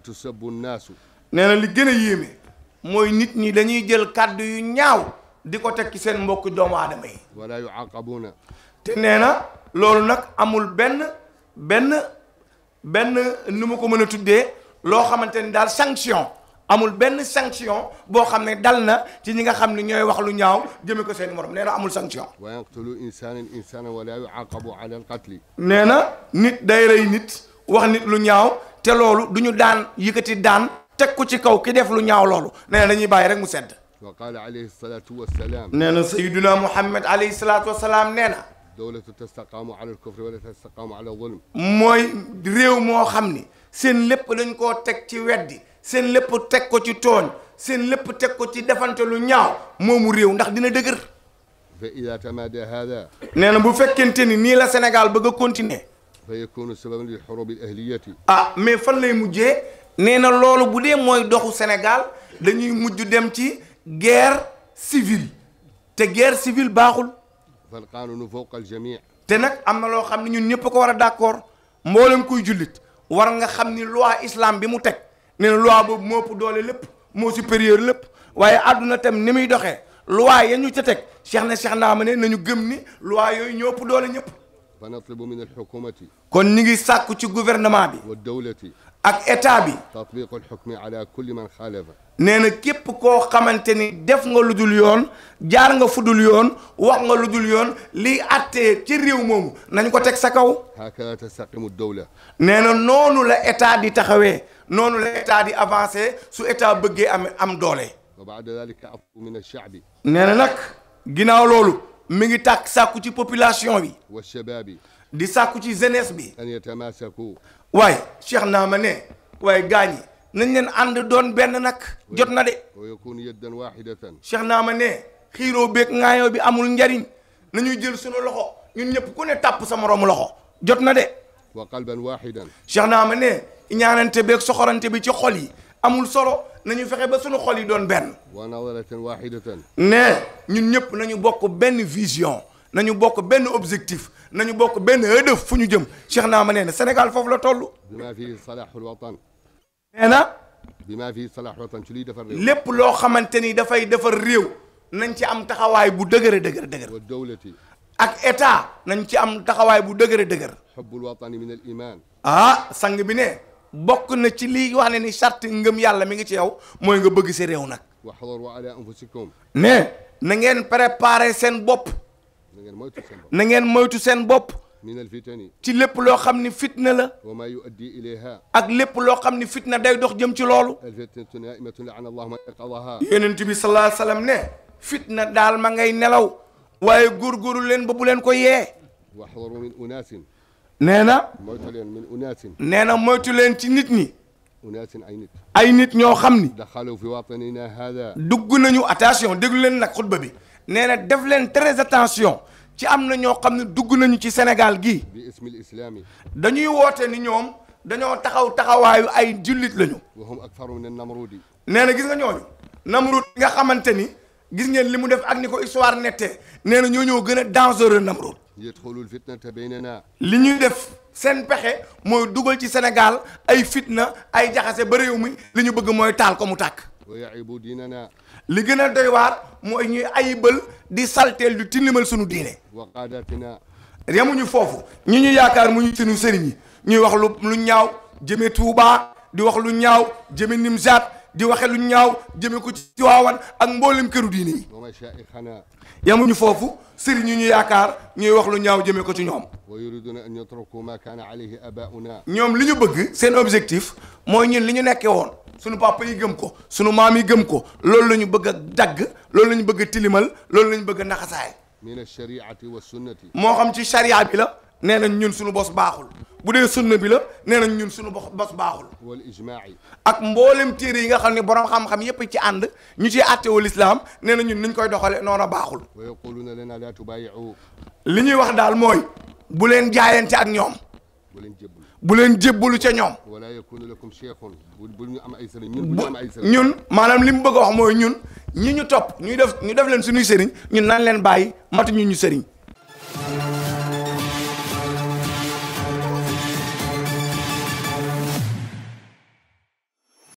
watu sabbu naasu nee na li gën a yéeme mooy nit ñi dañuy jël kàddu yu ñaaw di ko teg ci seen mbokk doomu aadama yi wala yu te nee na loolu nag amul benn benn benn nu ma ko mën a tuddee loo xamante ni daal sanction amul benn sanction boo xam ne dal na ci ñi nga xam ni ñooy wax lu ñaaw jëme ko seen morom nee amul sanction wa yaqtulu insaanan insaanan wala yuaqabu ala na nit day rey nit wax nit lu ñaaw te loolu du ñu daan yëkkati daan teg ko ci kaw ki def lu ñaaw loolu nee na dañuy bàyyi rek mu sedd wa qaala alayhi salaatu wa salaam nee na sayyiduna Muhammad alayhi salaatu wa salaam nee na dawlatu tastaqaamu ala al-kufri wala tastaqaamu ala al-zulm mooy réew moo xam ni seen lépp dañ koo teg ci weddi seen lépp teg ko ci tooñ seen lépp teg ko ci defante lu ñaaw moomu réew ndax dina dëgër fa ida tamaada hada nee na bu fekkente ni nii la Sénégal bëgg a continuer fa yakunu sababan lil xurubi al ahliyati ah mais fan lay mujjee nee na loolu bu dee mooy doxu Sénégal dañuy mujj dem ci guerre civile te guerre civile baaxul fal qanunu fawqa al jamii te nag am na loo xam ne ñun ñëpp ko war a d'accord mboolem kuy jullit war nga xam ni loi islam bi mu teg nee na boobu moo ëpp doole lépp moo supérieur lépp waaye àdduna tam ni muy doxee loi ya ñu ca teg cheikh na cheikh naa ma ne nañu gëm ni yooyu ñoo ëpp doole ñëpp فنطلب من الحكومة kon ñu ngi sàkku ci gouvernement bi والدولة ak état bi تطبيق الحكم على كل من خالف nee na képp koo xamante ni def nga lu dul yoon jaar nga fu dul yoon wax nga lu dul yoon li àttee ci réew moomu nañ ko teg sa kaw هكذا تستقيم الدولة nee na noonu la état di taxawee noonu la état di avancé su état bëggee am am doole وبعد ذلك عفو من الشعب nee na nag ginnaaw loolu mi ngi tàkk sàkku ci population bi. wa bi. di sàkku ci jeunesse bi. an yatamasaku. waaye Cheikh naa ma ne waaye gaañ yi nañ leen ànd doon benn nag jot na de. wa yakunu yaddan waahidatan. Cheikh naa ma ne xiiroo beeg ŋaayoo bi amul njariñ nañuy jël sunu loxo ñun ñëpp ku ne tapp sa moromu loxo jot na de. wa qalban waahidan. Cheikh naa ma ne ñaanante beeg soxorante bi ci xol yi. amul solo nañu fexe ba sunu xol yi doon benn. wa nadaratan wahidatan ne ñu ñëpp nañu bokk benn vision nañu bokk benn objectif nañu bokk benn hëdëf fu ñu jëm Cheikh naa ma nee na Sénégal foofu la toll. bima fi salahul watan. nee na. bima fi salahul watan ci liy defar réew. lépp loo xamante ni dafay defar réew nañ ci am taxawaay bu dëgër dëgër dëgër. wa dawlati. ak état nañ ci am taxawaay bu dëgër dëgër. hubbul watani min al iman. ah sang bi ne. bokk na ci lii wax ne ni charte ngëm yàlla mi ngi ci yow mooy nga bëgg si réew nag waxdor wa ala anfusikum ne na ngeen préparer seen bopp na ngeen moytu seen bopp na ngeen moytu seen bopp min al ci lépp loo xam ni fitna la wa ma yuaddi ilayha ak lépp loo xam ni fitna day dox jëm ci loolu al fitnatu naimatun la'ana allahu man yaqadaha yonent bi sallallahu alayhi wasallam ne fitna daal ma ngay nelaw waaye góorgóorlu leen ba bu leen ko yee wax min unaasin nee na. moytu leen min unaasin. nee na moytu leen ci nit ñi. unaasin ay nit. ay nit ñoo xam ni. daxalu fi waatanina hada. dugg nañu attention déglu leen nag xutba bi nee na def leen très attention ci am na ñoo xam ne dugg nañu ci Sénégal gii. bi ismil islaami. dañuy woote ni ñoom dañoo taxaw taxawaayu ay jullit lañu. wa hum akfaru min namrudi. nee na gis nga ñooñu. namrud nga xamante ni gis ngeen li mu def ak ni ko histoire nettee nee na ñoo ñoo gën a dangereux nam yadxulul fitnata baynana li ñuy def seen pexe mooy dugal ci Sénégal ay fitna ay jaxase ba réew mi li ñu bëgg mooy taal mu tàkk wa yaibu diinana li gën a doy waar mooy ñuy ayibal di salteel di tilimal suñu diine wa qaadatina yemuñu foofu ñi ñu yaakaar mu ñu suñu sëriñ ñuy wax lu lu ñaaw jëme Tuubaa di wax lu ñaaw jëme Nimzaat di waxe lu ñaaw jëme ko ci waawan ak mboolem këru diine yi yamuñu foofu sëriñ ñu ñu yaakaar ñuy wax lu ñaaw jëme ko ci ñoom na kaan ñoom li ñu bëgg seen objectif mooy ñun li ñu nekke woon suñu papa yi gëm ko suñu maam yi gëm ko loolu la ñu bëgg a dagg loolu la bëgg tilimal loolu la ñu bëgg a naxasaay moo xam ci charia bi la nee nañ ñun suñu bos baaxul bu dee sunna bi la nee nañ ñun suñu bos baaxul wal ijmaa ak mboolem téere yi nga xam ne borom xam-xam yépp ci ànd ñu ci àtte wal islaam nee na ñun niñ koy doxale noona baaxul wa yaquluuna lana la tubayiu li ñuy wax daal mooy bu leen jaayante ak ñoom bu leen bu leen jébbalu ca ñoom wala yakunu lakum cheikhun bu ñu am ay sëriñ ñun bu ñu am ay ñun maanaam li mu bëgg a wax mooy ñun ñi ñu topp ñuy def ñu def leen suñuy sëriñ ñun nan leen bàyyi matuñu ñu sëriñ